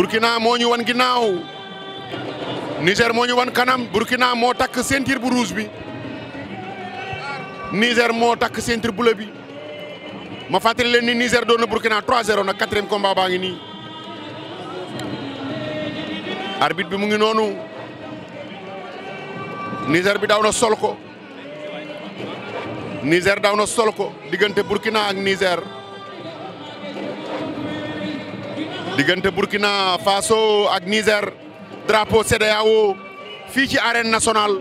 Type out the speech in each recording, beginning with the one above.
Burkina moo ñu wan ginnaaw Niger moo ñu wan kanam Burkina moo takk ceinture bu rouge bi Niger moo takk ceinture bleu bi ma fàttali leen ni Niger doon na Burkina 3-0 nag quatrième combat baa ngi nii. arbitre bi mu ngi noonu Niger bi daw na sol ko Niger daw na sol ko diggante Burkina ak Niger. diggante Burkina Faso ak Niger drapeau CEDEAO fii ci arène nationale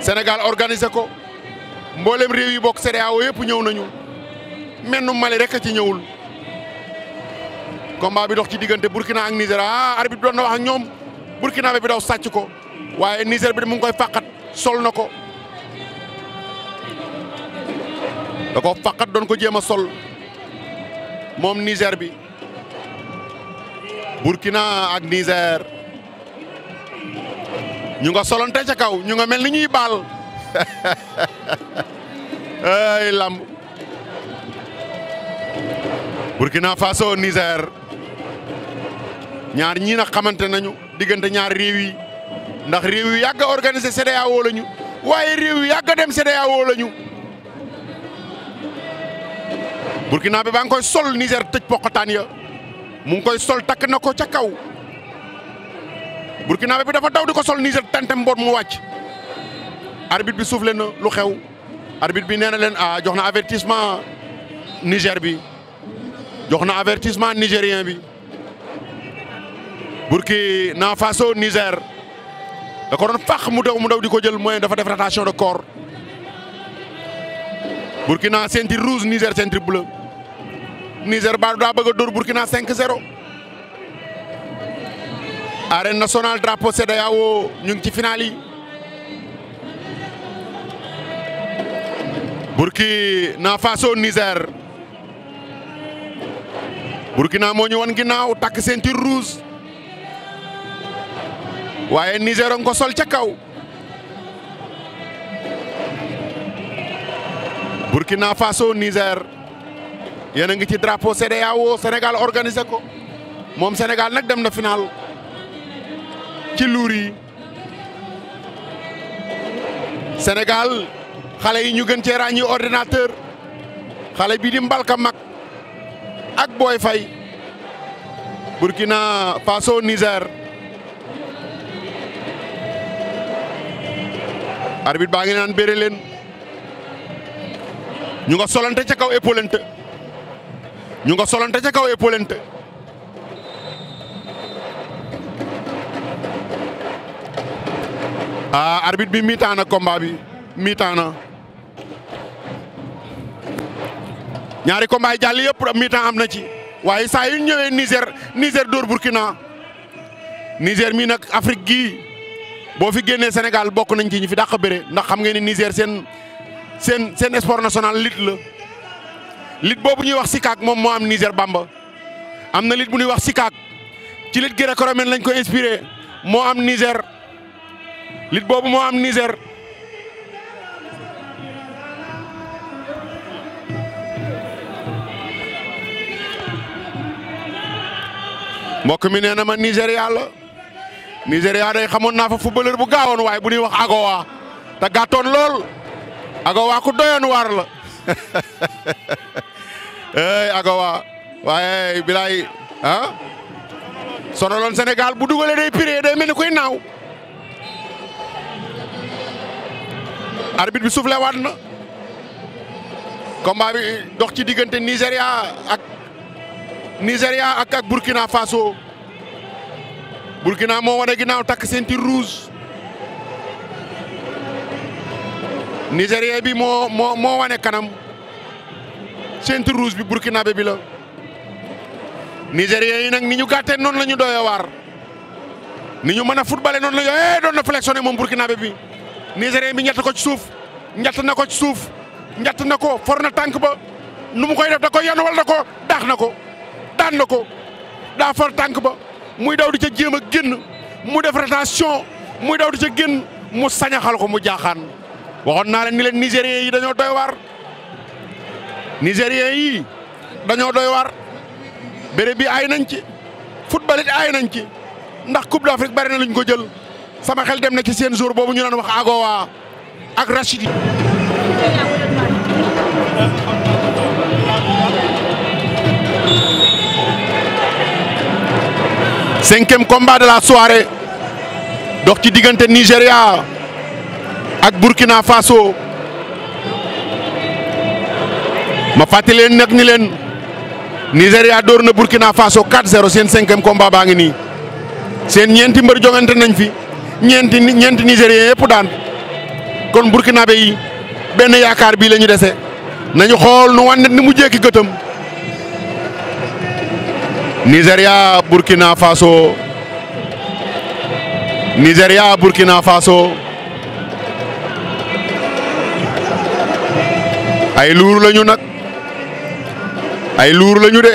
Sénégal organise ko mboolem réew yi bokk CEDEAO yëpp ñëw nañu mennu Mali rek a ci ñëwul combat bi dox ci diggante Burkina ak Niger ah arbitre doon na wax ak ñoom Burkina bi daw sàcc ko waaye Niger bi mu ngi koy fàqat sol na ko da ko fàqat doon ko jéem a sol. mom Niger bi Burkina ak Niger ñu nga solonté ca kaw ñu nga melni ñuy bal ay lamb Burkina Faso Niger ñaar ñi na xamanté nañu digënté ñaar réew yi ndax réew yi yag organiser CEDEAO la ñu réew yi yag dem CEDEAO burkina bi baa ngi koy sol Niger tëj poqataan ya mu ngi koy sol takk na ko ca kaw burkina bi dafa daw di ko sol Niger tentem mboot mu wàcc arbitre bi soufflé na lu xew arbitre bi nee na leen a ah, jox na avertissement Niger bi jox na avertissement nigérien bi naa Faso Niger da ko doon fàq mu daw mu daw di ko jël mooy dafa def rotation de corps Burkina ceinture rouge Niger ceinture bleue Niger ba daa bëgg a dóor Burkina 5-0. arène nationale drapeau CEDEAO ñu ngi ci final yi. Burkina Faso Niger. Burkina moo ñu wan ginnaaw takk ceinture rouge. waaye Niger nga ko sol ca kaw. Burkina Faso Niger. yéen a ngi ci drapeau CEDEAO Sénégal organisé ko moom Sénégal nag dem na final ci luur yi Sénégal xale yi ñu gën cee ràññi ordinateur xale bii di mbalka mag ak booy fay Burkina Faso Niger arbitre baa ngi naan bëre leen ñu nga solante ca kaw épaulante ñu nga solonte ca kaw épaulante ah arbitre bi mi-temps na combat bi mi-temps na ñaari combat yi jàll yëpp mi am na ci waaye saa yu ñëwee Niger Niger dóor Burkina Niger mii nag Afrique gii boo fi génnee Sénégal bokk nañ ci ñi fi dàq bëre ndax xam ngeen ni Niger seen seen seen sport national lit la. lit boobu ñuy wax sikaak moom moo am Niger Bamba am na lit bu nuy wax sikaak ci lit gréco-romaine lañ ko inspiré moo am Niger lit boobu moo am Niger mbokk mi nee na ma Nigéria la Nigéria day xamoon naa fa footballeur bu gaawoon waaye bu ñuy wax Agowa te gàttoon lool Agowa ku doyoon waar la ey Agawa waaye bilaay ah sonaloon Sénégal bu dugalee day piree day mel ni kuy naaw. arbitre bi soufflé waat na bi dox ci diggante Nigéria ak Nigéria ak ak Burkina Faso Burkina moo wane ginnaaw takk ceinture rouge. Nigéria bi moo moo moo wane kanam. centre rouge bi burkinabé bi la nigériens yi nag ni ñu gàttee noonu la ñu doyoo waar ni ñu mën a footballé noonu la yooyee eh, doon na flexionné moom burkinabé bi nigérien bi ñett ko ci suuf ñett na ko ci suuf ñett na ko for na tànk ba nu mu koy def da ko yan wala ko daax na ko daan na ko daa for tànk ba muy daw di ca jéem a génn mu def rotation muy daw di ca génn mu sañaxal ko mu jaaxaan waxoon naa la ni leen nigérien yi dañoo doy waar nigériens yii dañoo doy war béréb bi aay nañ ci football it aay nañ ci ndax coupe d'Afrique bari na luñ ko jël sama xel dem na ci seen jour boobu ñu doon wax Agowa ak Rachid. cinquième combat de la soirée dox ci diggante Nigéria ak Burkina Faso. ma fàttali len, nag ni len nigeria dorna Burkina Faso 4-0 5e combat baa ngi nii seen ñeenti mbër jongante nañ fi ñenti ñenti Nigérien yëpp daan kon Burkina yi ben yaakar bi lañu déssé nañu xol nu wane ni mu jéki gëtëm nigeria Burkina Faso Nigeria Burkina Faso ay luru lañu nak ay luur lañu de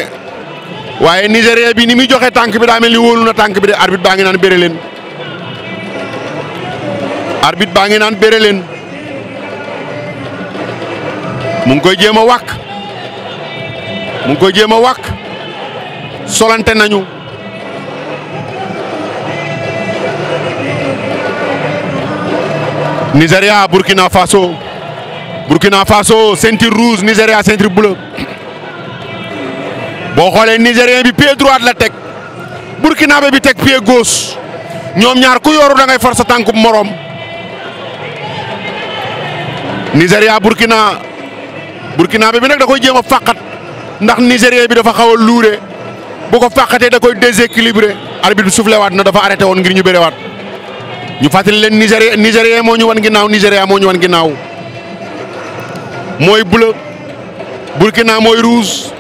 waaye Nigéria bi ni muy joxe tànk bi daa mel ni wóolu na tànk bi de arbitre baa ngi naan béré leen baa ngi naan béré leen mu ngi koy jéem a wàkk mu ngi koy jéem a wàkk solante nañu Nigéria Burkina Faso Burkina Faso ceinture rouge Nigéria ceinture bleue boo xoolee nigérien bi pied droit la teg burkinabé bi teg pied gauche ñoom ñaar ku yooru dangay ngay sa tànku moroom Nigéria Burkina burkinabé bi nag da koy jéem a fàqat ndax nigérien bi dafa xaw a luure bu ko fàqatee da koy déséquilibré arbitre bi suflewaat na dafa arrêté woon ngir ñu bërewaat ñu fàttali leen Nigéria Nigéria moo ñu wan ginnaaw Nigéria moo ñu wan ginnaaw mooy bleu Burkina mooy rouge.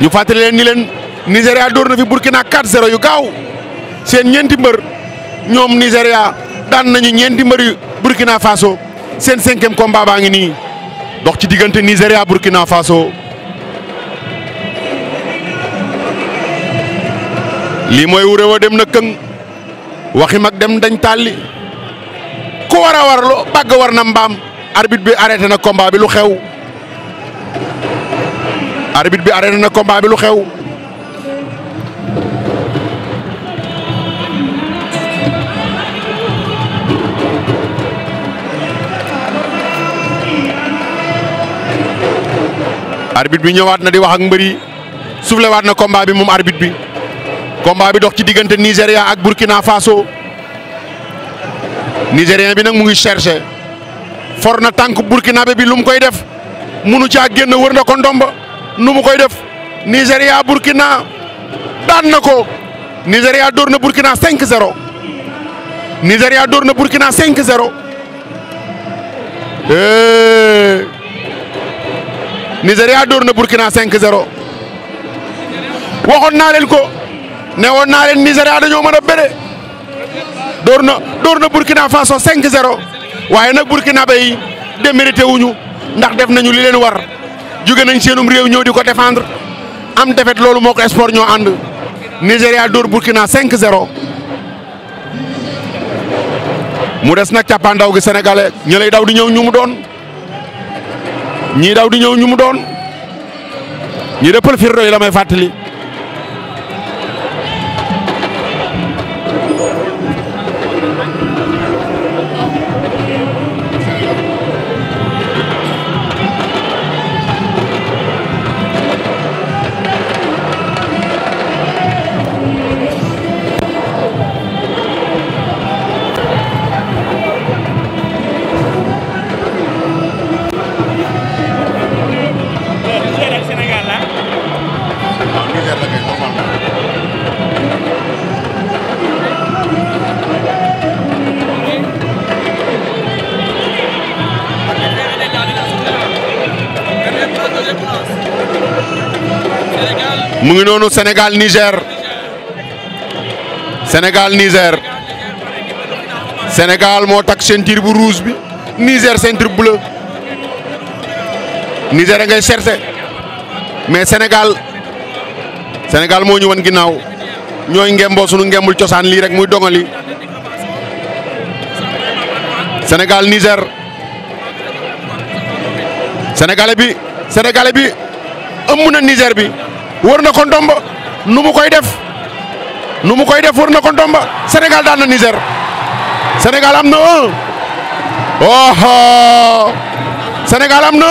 ñu fàttali leen ni leen Nigéria dóor na fi Burkina 4-0 yu gaaw seen ñeenti mbër ñoom Nigéria daan nañu ñeenti mbër yu Burkina Faso seen cinquième combat baa ngi nii dox ci diggante Nigéria Burkina Faso. lii mooy wuréw a dem na këng waxi mag dem dañ tàlli ku war a warlu war na mbaam arbitre bi arrêté na combat bi lu xew. arbitre bi arrêté na combat bi lu xew arbitre bi ñëwaat na di wax ak mbëri soufflé waat na combat bi mum arbitre bi combat bi dox ci digënté Nigeria ak Burkina Faso Nigerien bi nak mu ngi chercher for tank Burkina bi lu mu koy def munu ci na ko ndomba nu mu koy def Nigéria Burkina daan na ko Nigéria dóor na Burkina 5-0 Nigéria dóor na Burkina 5-0 hey. Eh. Nigéria dóor na Burkina 5-0 waxoon naa leen ko ne woon naa leen Nigéria dañoo mën a bëre dóor na dóor na Burkina Faso 5-0 waaye nag Burkina Faso yi démérité wuñu ndax def nañu li leen war. jóge nañ seenum réew ñëw di ko défendre am defet loolu moo ko sport ñoo ànd Nigéria dóor Burkina 5-0 mu des nag càppaandaw gi sénégalais ñi daw di ñëw ñumu doon ñii daw di ñëw ñu mu doon ñi de pël la may fàttali mu ngi noonu Sénégal Niger Sénégal Niger Sénégal moo takk ceinture bu rouge bi Niger ceinture bleu Niger a ngay cherché mais Sénégal Sénégal moo ñu wan ginnaaw ñooy ngemboo sunu ngembul cosaan lii rek muy dongali Sénégal Niger Sénégalais bi Sénégalais bi ëmm na Niger bi. wër na ko ndomb nu mu koy def nu mu koy def wër na ko ndomb Sénégal daan na Niger Sénégal am na un am na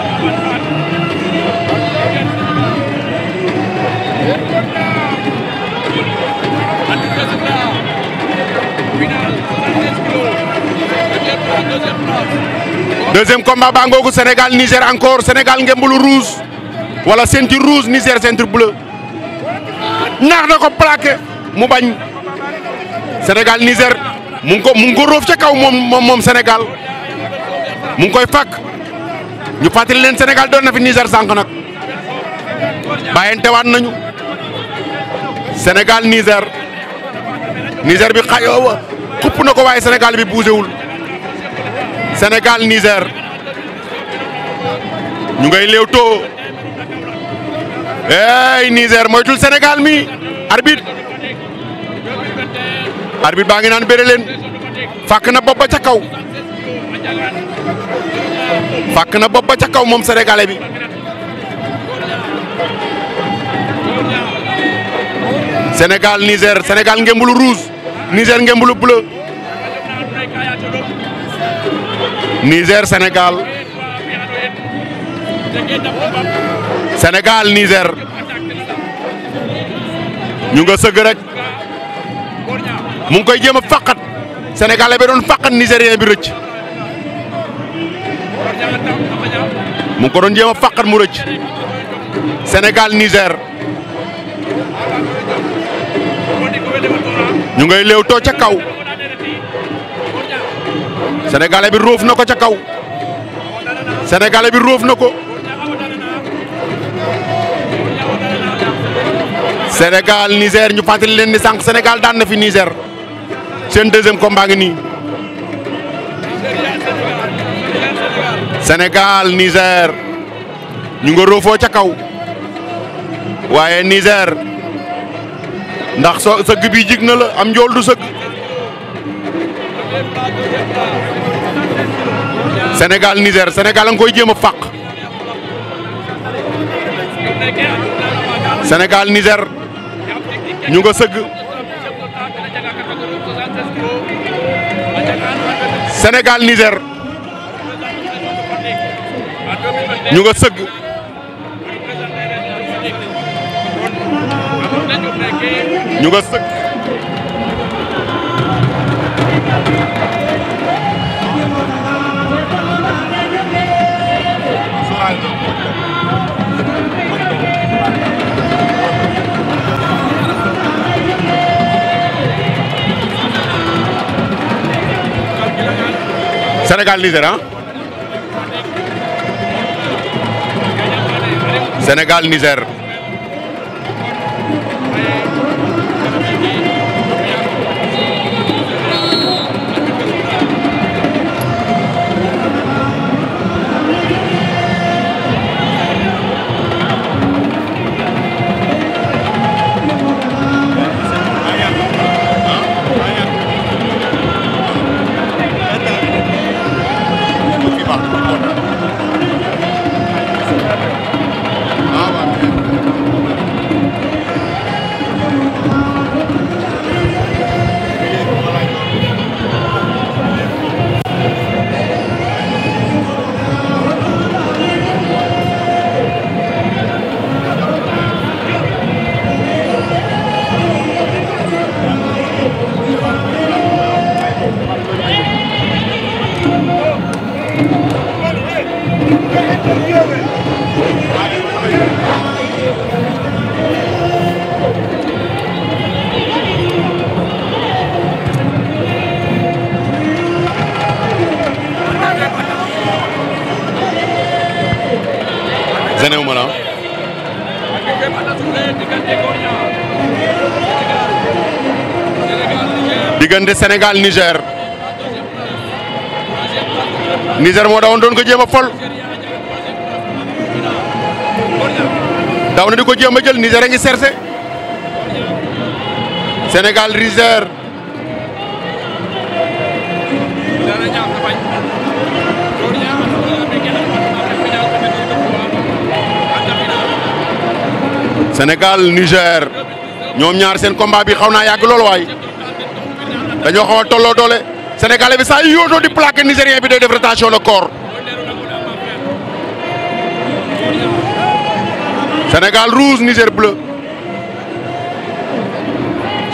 deuxième combat baa ngoogu Sénégal Niger encore Sénégal ngembulu rouge wala ceinture rouge Niger ceinture bleu ñaax na ko plaqué mu bañ senegal Niger mu ngi ko mu ngi ca kaw moom moom moom Sénégal mu ngi koy fàkk ñu fàttali leen Sénégal doon na fi Niger sànq nag bàyyantewaat nañu senegal Niger Niger bi xay xupp na ko waaye senegal bi bougé Sénégal Niger ñu ngay léewtoo ey Niger moytul Sénégal mi arbitre arbitre baa ngi naan bëre leen fàkk na bopp ba ca kaw fàkk na bopp ba ca kaw moom sénégalais bi Sénégal Niger Sénégal ngembulu rouge Niger ngembulu bleu Niger senegal senegal Niger ñu nga sëgg rek mu ngi koy jéem a faqat sénégalais ba doon faqat nigérien bi rëcc mu ko doon jéem a faqat mu rëcc Sénégal Niger ñu ngay léew too ca kaw. sénégalais bi ruuf na ko ca kaw sénégalais bi ruuf na ko Sénégal Niger ñu fàttali leen ni sànq Sénégal daan na fi Niger seen deuxième combat ngi nii Sénégal Niger ñu nga roofoo ca kaw waaye Niger ndax so sëgg bi jig na la am njool du sëgg senegal Niger Sénégal a jéem fàq Sénégal Niger ñu nga sëgg Sénégal Niger ñu nga sëgg ñu nga sëgg. Sir अच्छा ली जरा सेनेगाल निजर Zené Oumana diggante Sénégal Niger Niger moo dawoon doon ko jéem a fol daw na di ko jéem a jël Niger a ngi cherché Sénégal Niger Sénégal Niger ñoom ñaar seen combat bii xaw naa yàgg lool waay dañoo xaw a tolloo doole sénégalais bi saa yootoo di plaqué nigérien bi day def rotation le corps Sénégal rouge Niger bleu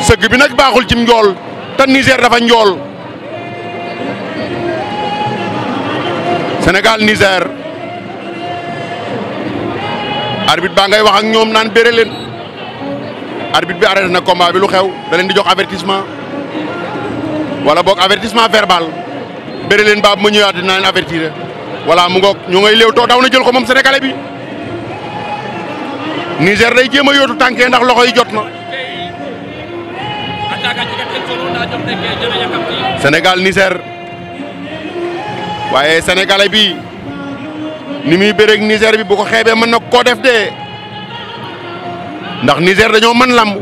sëgg bi nag baaxul ci njool te Niger dafa njool Sénégal Niger arbitre baa ngay wax ak ñoom naan béré leen arbitre bi arrêté na combat lu xew da di jox avertissement wala boog avertissement verbal béré leen baab ma ñëwaat dina leen avertir voilà mu ngoog ñu ngay léew daw na jël ko moom sénégalais bi Niger day jéem a yóotu tànkee ndax loxo yi jot na. Sénégal Niger waaye sénégalais bi. ni muy bëreeg Niger bi bu ko xeebee mën na ko def dee ndax Niger dañoo mën lamb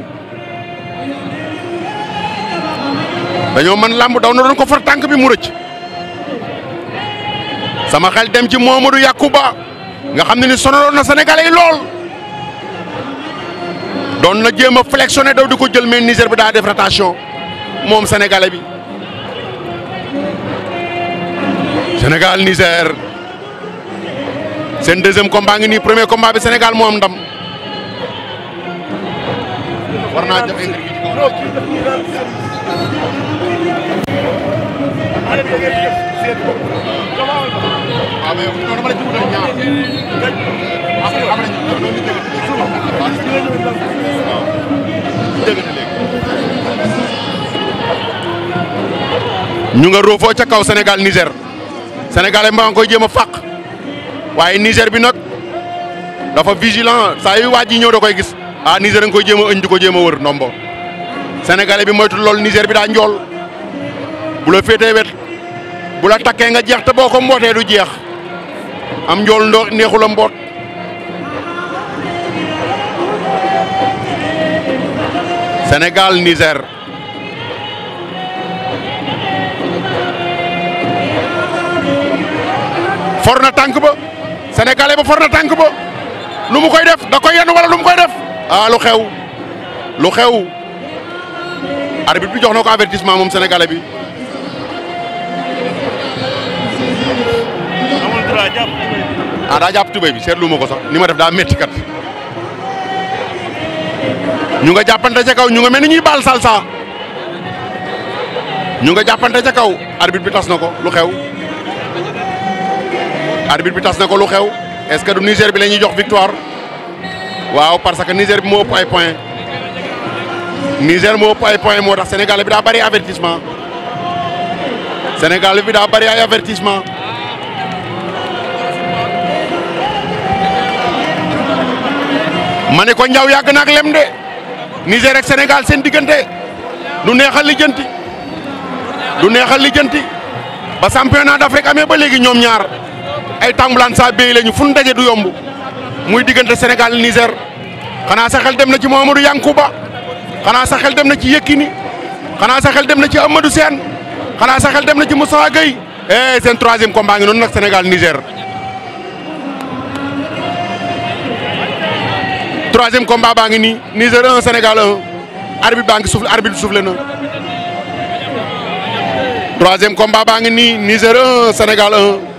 dañoo mën lamb daw na doon ko far tànk bi mu rëcc sama xel dem ci Momadou Yakuba nga xam ne ni sonaloon na Sénégalais yi lool doon na jéem a flexionné daw di ko jël mais Niger bi daa def rotation moom Sénégalais bi Sénégal Niger. seen deuxième combat ngi nii premier combat bi Sénégal moo ndam. war naa jox ah, ah, ñu ca kaw Sénégal Niger sénégalais mbaa nga koy jéem a fàq. waaye Niger bi nag dafa vigilant saa yu waaj yi ñëw da koy gis ah Niger ko nga koy a ëñ ko jéem a wër ndombo sénégalais bi moytu lool Niger bi daa njool bu la wet bu takkee nga jeex te boo ko mbootee du jeex am njool ndo neexu la mboot Sénégal Niger for na tànk ba sénégalais ba for na tànk ba lu mu koy def da koy yenn walla lu mu koy def ah lu xew lu xew arbitre bi jox na ko avertissement moom sénégalais bi. amul ah, droit jàpp daa jàpp tubéy bi seetlu ma ko sax ni ma def daa métti kat ñu nga jàppante ca kaw ñu nga mel ni ñuy baal salsa ñu nga jàppante ca kaw arbit bi tas na ko lu xew. arbitre bi tas na ko lu xew est-ce que du Niger bi lañuy jox victoire waaw parce que Niger bi moo ëpp ay points Niger mo pay point mo tax Sénégal bi da bari avertissement Sénégal bi da bari ay avertissement ma ne ko Ndiaw lem de Niger ak Sénégal sen digënté du neexal lijjanti du neexal lijjanti ba championnat d'Afrique amé ba légui ñom ñaar. ay tàmbulaan saa béy lañu daje du yomb muy diggante Sénégal Niger xanaa sa xel dem na ci Mamadou Yankuba xanaa sa xel dem na ci Yekini xanaa sa xel dem na ci Amadou Sène xanaa sa xel dem na ci Moussa Gueye eh seen troisième combat ngi noonu nag Sénégal Niger. troisième baa ngi nii Niger 1 Sénégal 1 arbitre baa ngi souffle arbitre souffle na troisième combat baa ngi nii Niger 1 Sénégal 1.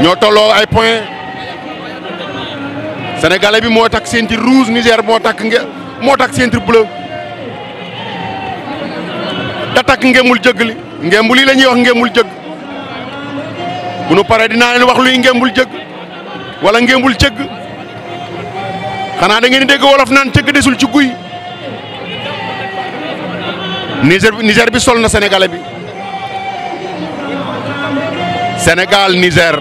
ñoo tolloo ay point sénégalais bi moo takk ceinture rouge Niger moo takk nge moo takk ceinture bleu da takk ngémbul jëgg li ngémbul li la ñuy wax ngémbul jëgg bu nu paree dinaa leen wax luy ngémbul jëgg wala ngémbul cëgg xanaa da ngeen di dégg wolof naan cëgg desul ci guy Niger bi bi sol na sénégalais bi senegal Niger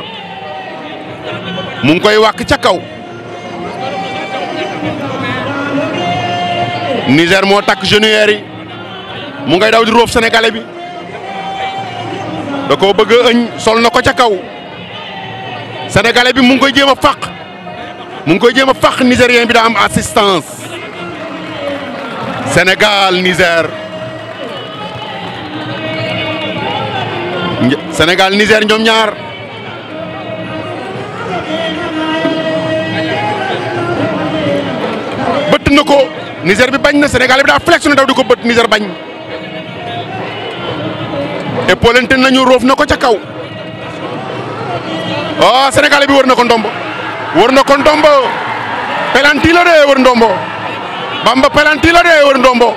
mu ngi koy wàkk ca kaw Niger moo takk genouillère yi mu ngay daw di roof sénégalais bi da koo bëgg ëñ sol na ko ca kaw sénégalais bi mu ngi koy jéem a fàq mu ngi koy jéem a fàq nigérien bi daa am assistance senegal Niger Sénégal Niger ñoom ñaar. na ko Niger bi bañ na Sénégal bi daa flex na daw ko bët Niger bañ épaulante nañu roof na ko ca kaw oh Sénégal bi wër na ko ndombo wër na ko ndombo pelanti la de wër ndombo Bamba pelanti la de wër ndombo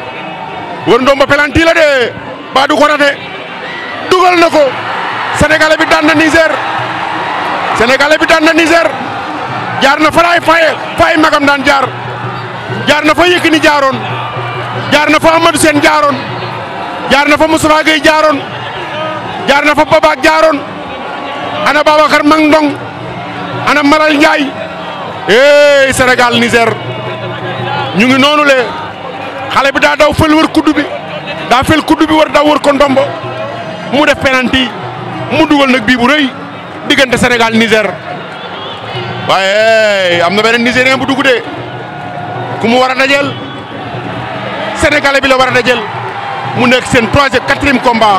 wër ko rate na ko Sénégal bi daan na Niger bi daan na Niger jaar na fa laay faye faye jaar na fa Yékini jaaroon jaar na fa Amadou Sène jaaroon jaar na fa Moustapha jaaroon jaar na fa Babac jaaroon ana Babacar Mang Ndong ana Malal Ndiaye senegal Sénégal Niger ngi noonu le xale bi daa daw fël wër kuddu bi daa fël kuddu bi war daw wër ko ndombo mu def penalty mu dugal nag bii bu rëy diggante senegal Niger waaye am na beneen Nigérien bu dugg de. ku mu war a dajeel sénégalais bi la war a dajeel mu nekk seen troisième quatrième combat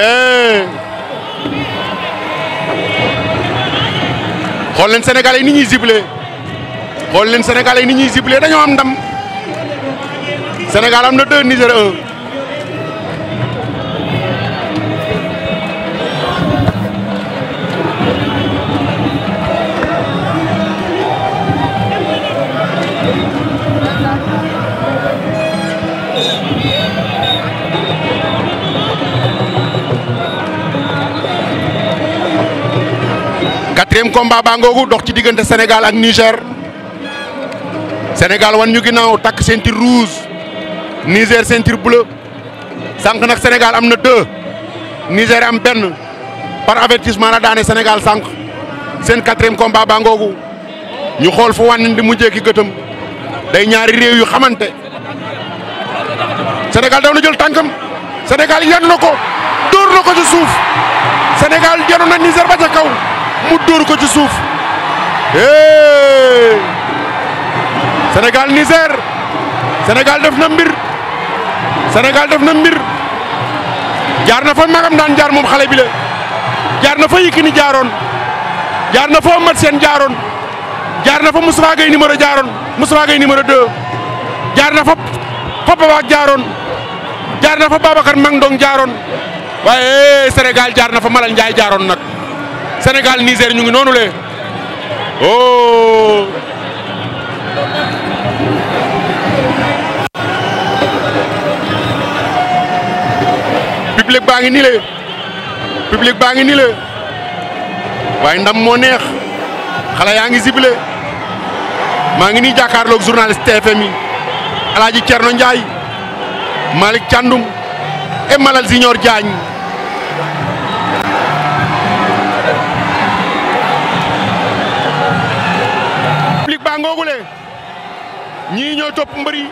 eh. xool leen sénégalais yi ni ñuy ziblé xool leen sénégalais yi ni ñuy ziblé dañoo am ndam Sénégal na deux Niger un. quatrième combat baa ngoogu dox ci diggante Sénégal ak Niger Sénégal wan ñu ginnaaw takk ceinture rouge Niger ceinture bleue sànq nag Sénégal am na deux Niger am benn par avertissement la daane Sénégal sànq seen quatrième combat baa ngoogu ñu xool fu wànnin di mujjee ki gëtëm day ñaari réew yu xamante Sénégal daw na jël tànkam Sénégal yenu na ko dóor na ko ci suuf Sénégal yenu na Niger ba ca kaw mu dóor ko ci suuf senegal Sénégal Niger def na mbir Sénégal def na mbir jaar na fa magam daan jaar moom xale bi jaar na fa Yékini jaaroon jaar na fa Eumeu Sène jaaroon jaar na fa Moustapha Gueye numéro jaaroon Moustapha Gueye numéro 2 jaar na fa Papa jaaroon jaar na fa Babacar Mang Ndong jaaroon waaye senegal jaar na fa Malal Ndiaye jaaroon nag. Sénégal Niger ñu ngi noonu le oh. public baa ngi nii le public baa ngi nii le waaye ndam moo neex xale yaa ngi zible maa ngi nii jàkkaarloog journaliste TFM yi El Hadj Thierno Ndiaye Malick Thiandoum et Malal Junior Diagne. ñii ñooy topp mbër yi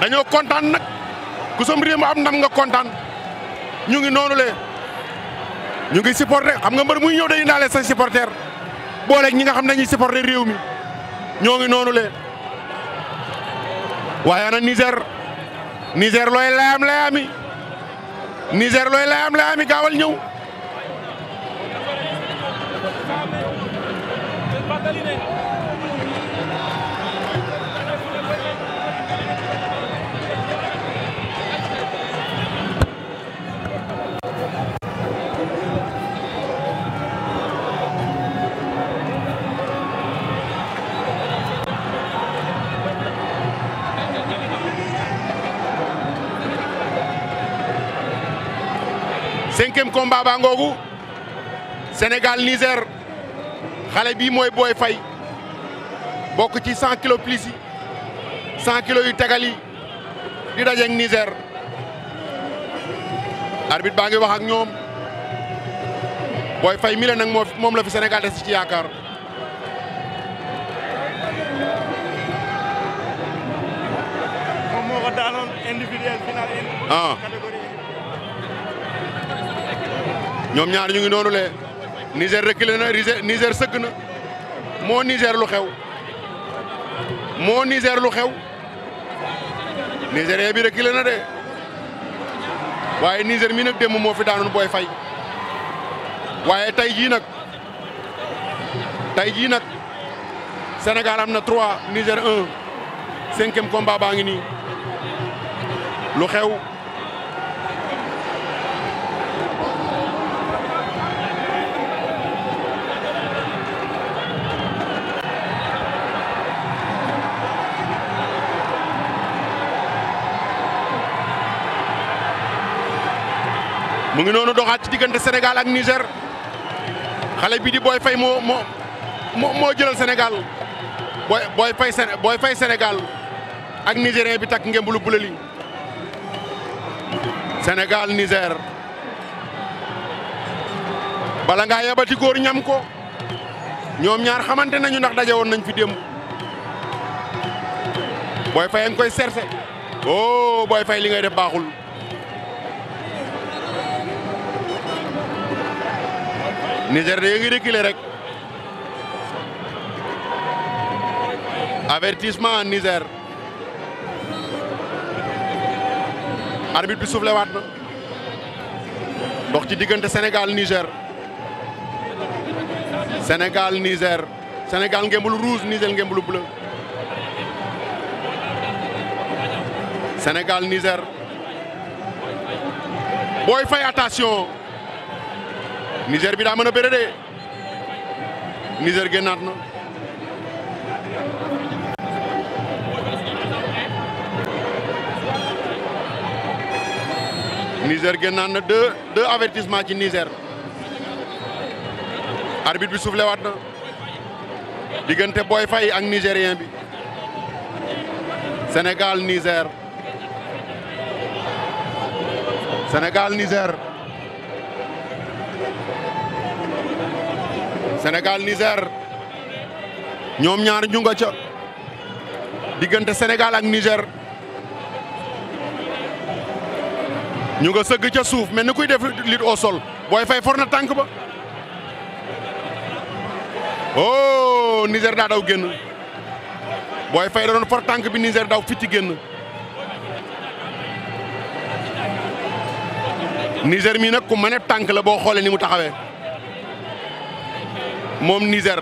dañoo kontaan nag ku sam réew ma am ndam nga kontaan ñu ngi noonu le ñu ngi supporter xam nga mbër muy ñëw dañu daale sa supporter booleeg ñi nga xam ne dañuy supporter réew mi ñoo ngi noonu le waaye ana Niger Niger looy layam layami Niger looy layam layami gaawal ñëw. cinquième combat baa ngoogu Sénégal Niger Bi Moy Boy Faye Bok 100 kg plus 100 kg yu tégal yi di Niger arbitre wax ak ñom. Boy Faye mi mom la fi Sénégal ci yakar. individuel final ah. ñoom ñaar ñu ngi noonu lee Niger reculé na Niger sëgg na moo Niger lu xew moo Niger lu xew Nigérien bi reculé na de waaye Niger mi nag démb moo fi daanoon booy fay waaye tey jii nag tey jii nag Sénégal am na 3 Niger 1 cinquième combat baa ngi nii lu xew. mu ngi noonu doxaat ci diggante Sénégal ak Niger kalau bi di Boy Faye mo mo mo moo jëlal Sénégal Boy Boy Faye Séné Boy Faye Sénégal ak Nigérien bi takk ngembulu bula li Sénégal Niger bala ngaa yabati góor ñam ko ñoom ñaar xamante nañu ndax daje woon nañ fi Boy oh Boy Faye li ngay def Niger yaa ngi reculer rek avertissement Niger arbitre bi soufflé waat na dox ci diggante Sénégal Niger Sénégal Niger Sénégal ngembul rouge Niger ngembul bleu Sénégal Niger booy fay attention. निजर भी रामनो पेरे निजर के नारनो निजर के नान द द अवेटिस माची निजर आरबीट भी सुफले वाटनो दिगंते बॉयफाई अंग निजरियन भी सेनेगल निजर सेनेगल निजर senegal Niger ñoom ñaar ñu nga ca diggante senegal ak Niger ñu nga sëgg ca suuf mel ni kuy def lutte au sol booy fay for na tànk ba oh Niger daa daw génn booy fay da doon for tànk bi Niger daw fitti génn Niger mii nag ku mën a tànk la boo xoolee ni mu taxawee. moom Niger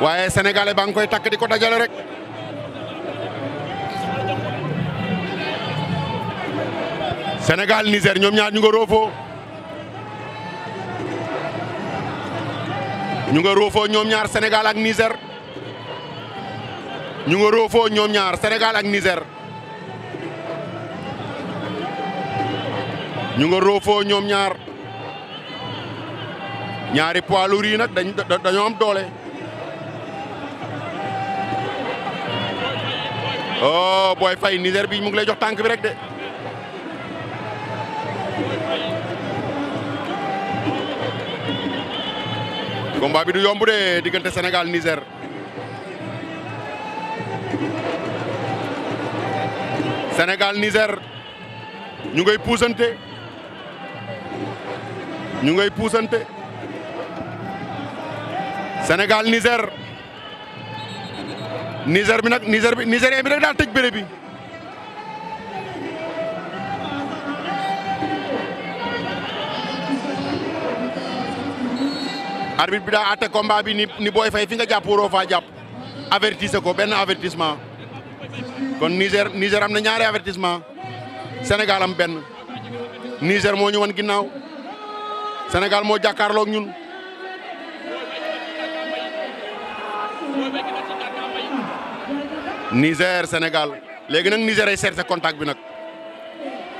waaye sénégalais baa ngi koy takk di ko dajale rek. Sénégal Niger ñoom ñaar ñu nga roofoo ñu nga roofoo ñoom ñaar Sénégal ak Niger ñu nga roofoo ñoom ñaar Sénégal ak Niger ñu nga roofoo ñoom ñaar. ñaari poids lourds yi nag dañ dañoo am doole. oh booy fay Niger bi mu ngi lay jox tànk bi rek de. combat bi du yomb de diggante senegal Niger. Sénégal Niger ñu ngay puusante ñu ngay puusante Sénégal Niger Niger bi nag Niger bi Nigérien bi nag daal tëj bëre bi arbitre bi daa àtte combat bi ni ni booy fay fi nga jàpp waroo faa jàpp avertise ko benn avertissement kon Niger Niger am na ñaari avertissement Sénégal am benn Niger moo ñu wan ginnaaw Sénégal moo jàkkaarloog ñun. Niger Sénégal léegi nag Niger ay cherché contact bi nag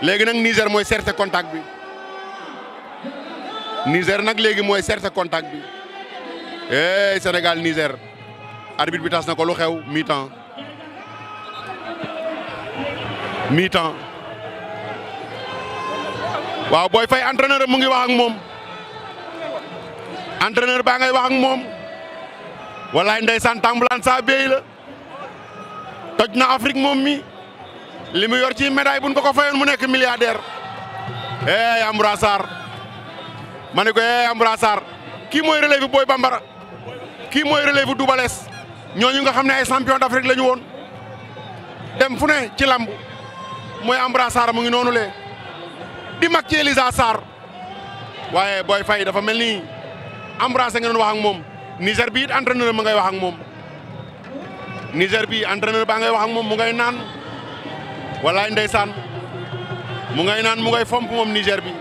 léegi nag Niger mooy cherché contact bi Niger nag léegi mooy cherché contact bi hey Sénégal Niger arbitre bi tas na ko lu xew mi-temps mi-temps waaw booy fay entraîneur mu ngi wax ak moom entraîneur baa ngay wax ak moom walaay ndeysaan saa béy toj na Afrique moom mi li mu yor ci médaille buñ ko ko fayoon mu nekk milliardaire eh Ambra Sarr ma ne ko eh Ambra kii mooy relève Boy Bambara kii mooy relève Doubales ñooñu nga xam ne ay champion d'Afrique la ñu woon dem fu ne ci lamb mooy Ambra mu ngi noonu le di mag ci Elisa Sarr waaye Boy Faye dafa mel ni Ambra Sarr nga ak moom Niger bi it entraîneur ma ngay wax ak moom. Niger bi entraîneur baa ngay wax ak moom mu ngay naan walaay ndeysaan mu ngay naan mu ngay fomp moom Niger bi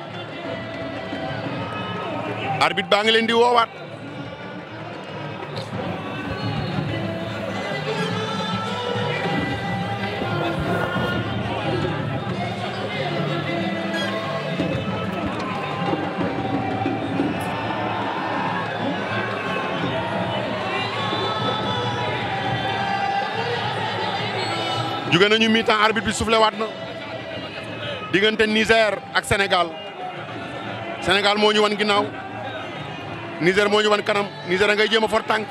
arbitre baa ngi leen di woowaat. jóge nañu mi-temps arbitre bi soufflé waat na diggante Niger ak senegal senegal moo ñu wan ginnaaw Niger moo ñu wan kanam Niger a ngay jéem a for tànk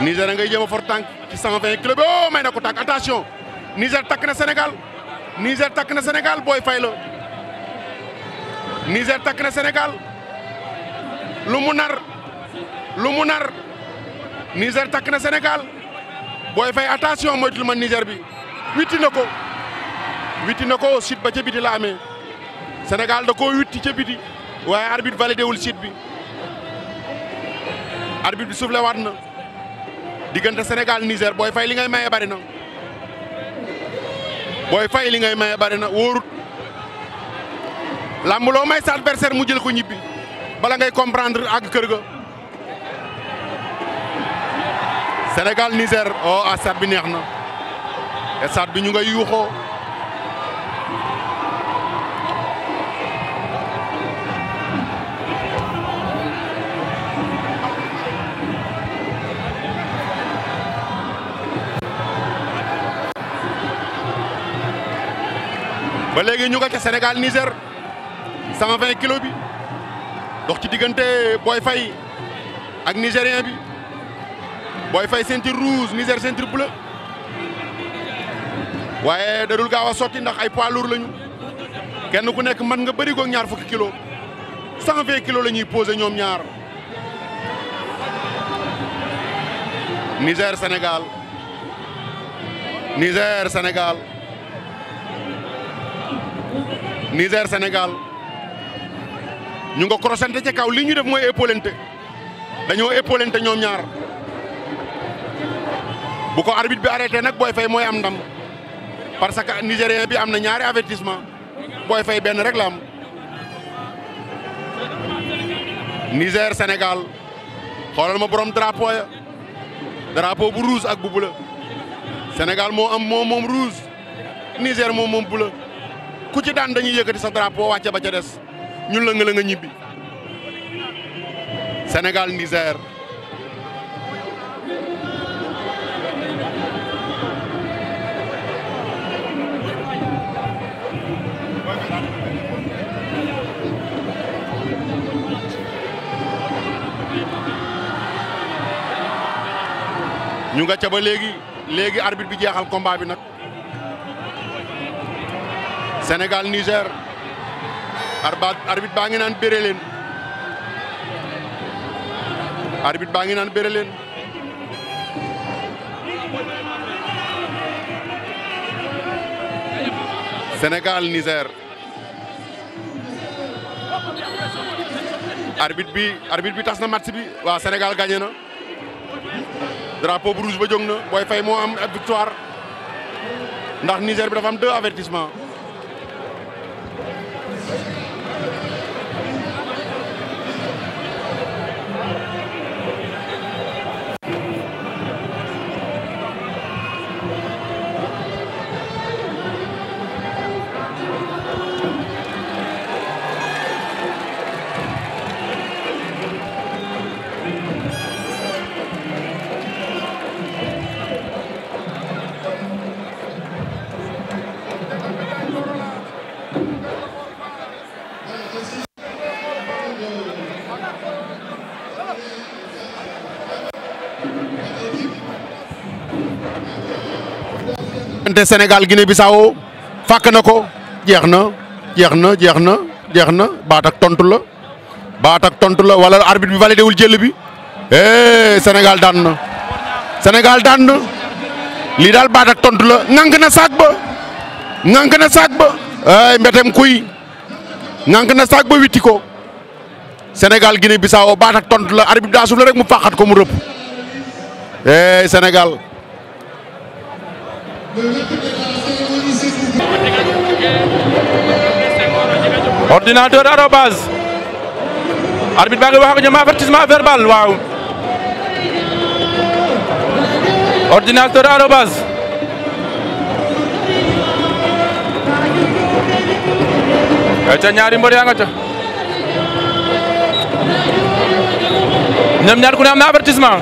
Niger a ngay jéem a for tànk ci 120 kilo bi oh may na ko tànk attention Niger takk na Sénégal Niger takk na senegal booy fay la Niger takk na Sénégal lu mu nar lu mu nar Niger takk na Sénégal booy fay attention moytul ma Niger bi witti na ko witti na ko site ba ca biti la amee Sénégal da ko witti ca biti waaye arbitre validé wul bi arbitre bi soufflé waat na diggante Sénégal booy fay li ngay maye bari na booy fay li ngay maye bari na wóorut làmb loo may sa adversaire mu jël ko ñibbi bala ngay comprendre ak kër ga. Sénégal Niger oh ah, stade bi neex na stade bi ñu ngay yuuxoo ba léegi ñu nga ca Sénégal Niger sama 20 kilo bi dox ci diggante Boy fay ak nigérien bi booy Faye ceinture rouge Niger ceinture bleu waaye da gaaw a sotti ndax ay poids lourd lañu kenn ku nekk mën nga bëri ko ñaar fukki kilo cent vingt kilos la ñuy posé ñoom ñaar Niger Sénégal Niger Sénégal Niger Sénégal ñu nga croisante ca kaw li ñu def mooy épaulante dañoo épaulante ñoom ñaar. bu ko arbitre bi arrêté nag Boy Faye mooy am ndam parce que nigérien bi am na ñaari avertissement booy Faye benn rek la am senegal Sénégal xoolal ma borom drapeau ya bu ruus ak bu bleu Sénégal moo am moom moom rouge Niger moom moom bula ku ci daan dañuy yëkkati sa drapeau wàcce ba ca des ñun la nga la nga ñibbi Sénégal Niger. ñu nga ca ba légui légui arbitre bi jéxal combat bi nak Sénégal Niger arba arbitre ba ngi nan béré leen arbitre ba ngi nan béré leen Sénégal Niger arbitre bi arbitre bi tass na match bi wa Sénégal gagné na. drapeau rouge ba jóg na Boy Faye moo am victoire ndax Niger bi dafa am deux avertissement diggante Sénégal Guinée Bissau fàkk na ko jeex na jeex na jeex na jeex na baat tontu la baat tont la wala arbitre bi validé dewul jël bi eh Sénégal daan na Sénégal daan na lii daal baat tont la ŋànk na saak ba ŋànk na saak ba ay mbetem kuy ŋànk na saak ba witti ko Sénégal Guinée Bissau baat ak tont la arbitre daa suuf la rek mu fàqat ko mu rëpp eh Sénégal. ordinateur arobase arbitre baa ngi wax ak ñoom avertissement verbal waaw ordinateur arobase ca ñaari mbër yaa ñoom ñaar ku ne am avertissement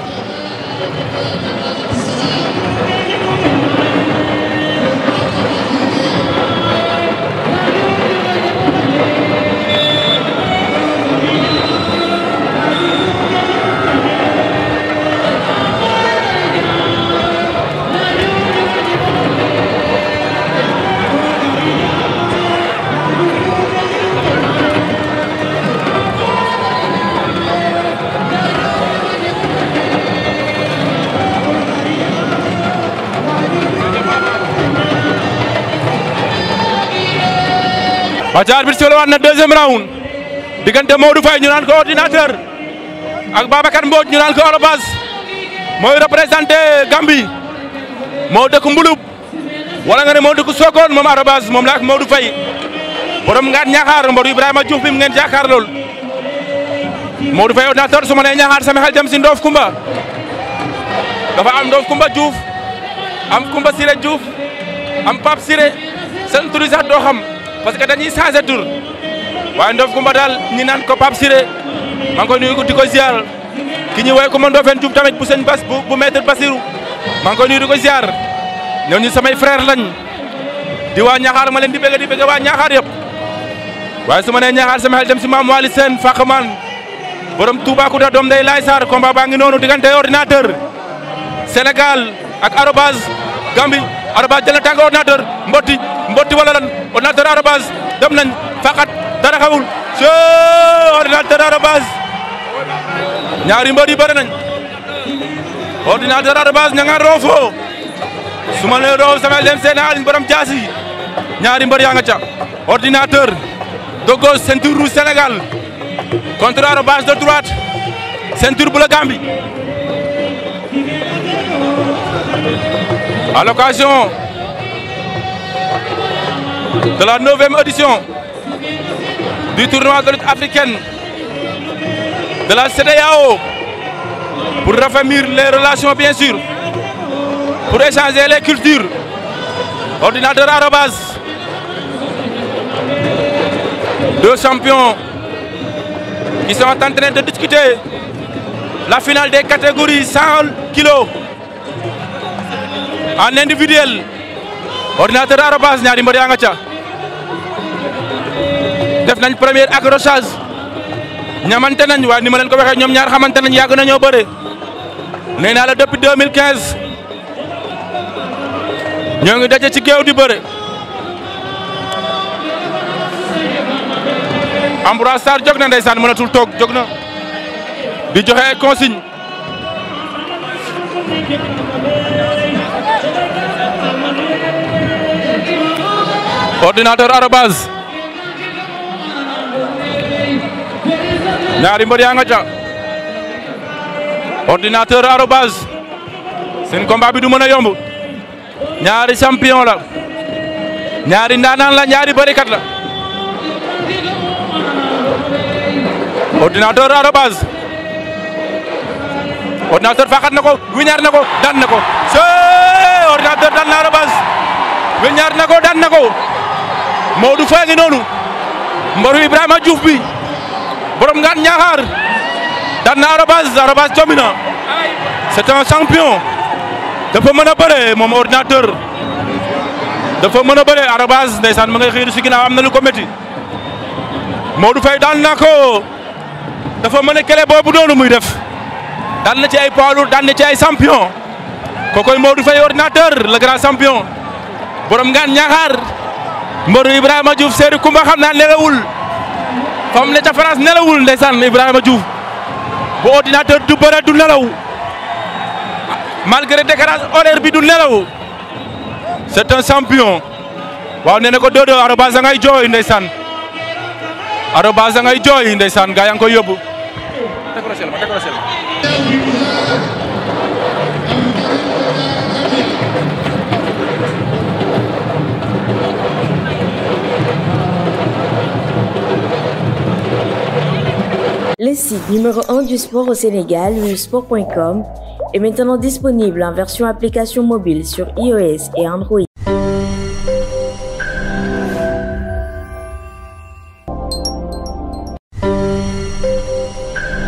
acca bir solo waat na deuxième round diggante Modou Faye ñu naan ko ordinateur ak Babacar Mbodj ñu naan ko Olobas mooy représenté Gambie mo dëkk Mbulub wala nga ne moo dëkk Sokone moom Olobas moom la ak Modou Faye borom ngaat ñaxaar mbor Ibrahima Diouf bi mu ngeen jàkkaar lool Modou Faye ordinateur su ma nee sama xel dem si Ndoof Kumba dafa am Ndoof Kumba Diouf am Kumba sire Diouf am pap sire sen tur sax xam parce que dañuy changer tour waaye Ndof Kumba daal ñi nan ko pap Siré maa ngi nuyu di ko ziar ki ñu way ko ma dofen Diouf tamit bu sëñ bass bu bu maître Basirou maa ngi nuyu diko ziar ñoo ñu samay frère lañ di wa ñaxar ma leen di bëgg di bëgg wa ñaxar yëpp waaye suma né ñaxar sama xel dem ci mam wali sen fakhman borom touba ko da dom day lay sar combat baa ngi noonu diggante ordinateur Sénégal ak arobase Gambie arobase jël na ordinateur mbotti mbotti wala lan ordinateur arobase dem nañ faqat dara xawul ci ordinateur arobase ñaari mbodi yi oh, nañ ordinateur arobase ña nga roofoo su ma sama lem senal ñu borom jaasi ñaari mbër ya nga ca ordinateur de gauche ceinture rouge Sénégal contre arobase de droite ceinture bleu Gambie à l'occasion oh. de la 9e édition du tournoi de lutte africaine de la CDAO pour raffermir les relations bien sûr, pour échanger les cultures. Ordinateur base deux champions qui sont en train de discuter la finale des catégories 100 kilos en individuel ordinateur arobase ñaari mbër yaa nga ca def nañ premier accrochage ñamante nañ waaye ni ma leen ko waxee ñoom ñaar xamante nañ yàgg nañoo bëre nee naa la depuis 2015 ñoo ngi daje ci géew di bare Ambroise Sarr jóg na ndeysaan mënatul toog jog na di joxe consigne ordinateur arobase ñaari mbër yaa nga ca ordinateur arobase seen bi du mën a yomb ñaari champion la ñaari ndaanaan la ñaari bërikat la ordinateur arobase ordinateur faxat na ko wiñaar na ko daan na ko se ordinateur daan na arobase wiñaar na ko daan na ko Modou Faye ngi noonu mbaru Ibrahima Diouf bi borom ngaan ñaaxaar daan na Arobase Arobase comi na c'est dafa mën a bëre moom ordinateur dafa mën a bëre Arobase ndeysaan ma ngay xiiru si ginnaaw am na lu ko métti Modou Faye daan na ko dafa mën a kele boobu noonu muy def daan na ci ay poids lourd na ci ay champion moo Modou Faye ordinateur le grand champion borom ngaan ñaaxaar mbaru Ibrahima Diouf Seydou Koumba xam naa nelawul fam ne ca France nelawul ndeysaan Ibrahima Diouf bu ordinateur du bëre du nelaw malgré décalage horaire bi du nelaw c'est un champion waaw nee na ko dodo arobase da ngay jooy ndeysaan arobase da ngay jooy ndeysaan gaa yaa ngi koy yóbbu Le site numéro 1 du sport au Sénégal, sport.com, est maintenant disponible en version application mobile sur iOS et Android.